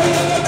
Thank you.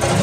Thank you.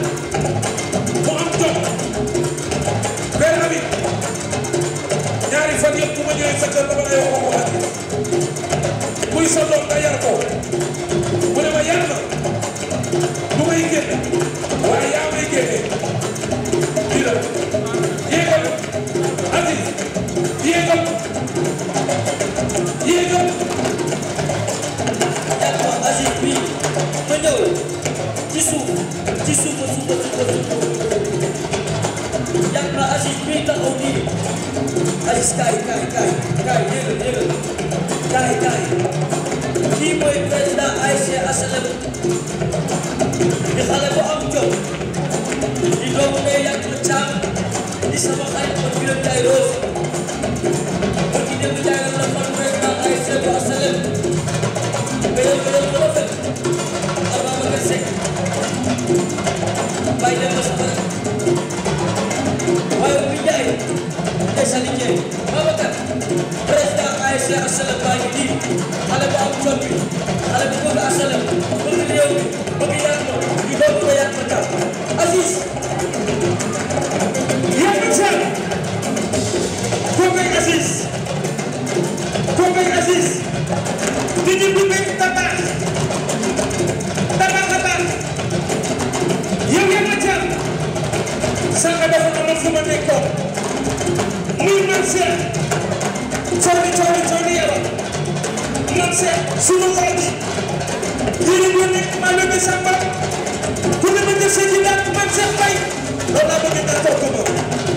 Thank you. ci suuf ci suuf ba suuf ba suuf yàgg na Aziz mi taxaw nii Aziz kaay kaay kaay kaay yëgal yëgal kaay kaay kii mooy président ASC HLM di xale bu am jom di doomu ne yàgg na caam di sama xarit ma juróom jaay roos sama nekkoon muy man seet cooni cooni cooni yaram man seet suma xolati yéen ñoo nekk maa ngi bébé Samba ku ne ma jël sa ji daal man seet bay loolu laa bëgg nga toog ko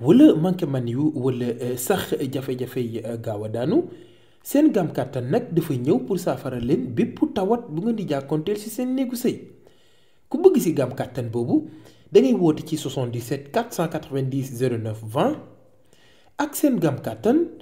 wala manqué man yu wala euh, sax jafe-jafe yi euh, gaaw a daanu seen gam kàttan nag dafa ñëw pour saafara leen bépp tawat bu ngeen di jàkkoonteel ci seen néegu sëy ku bëgg ci gam kàttan boobu da ngay woote ci 77 490 09 20 ak seen gam kàttan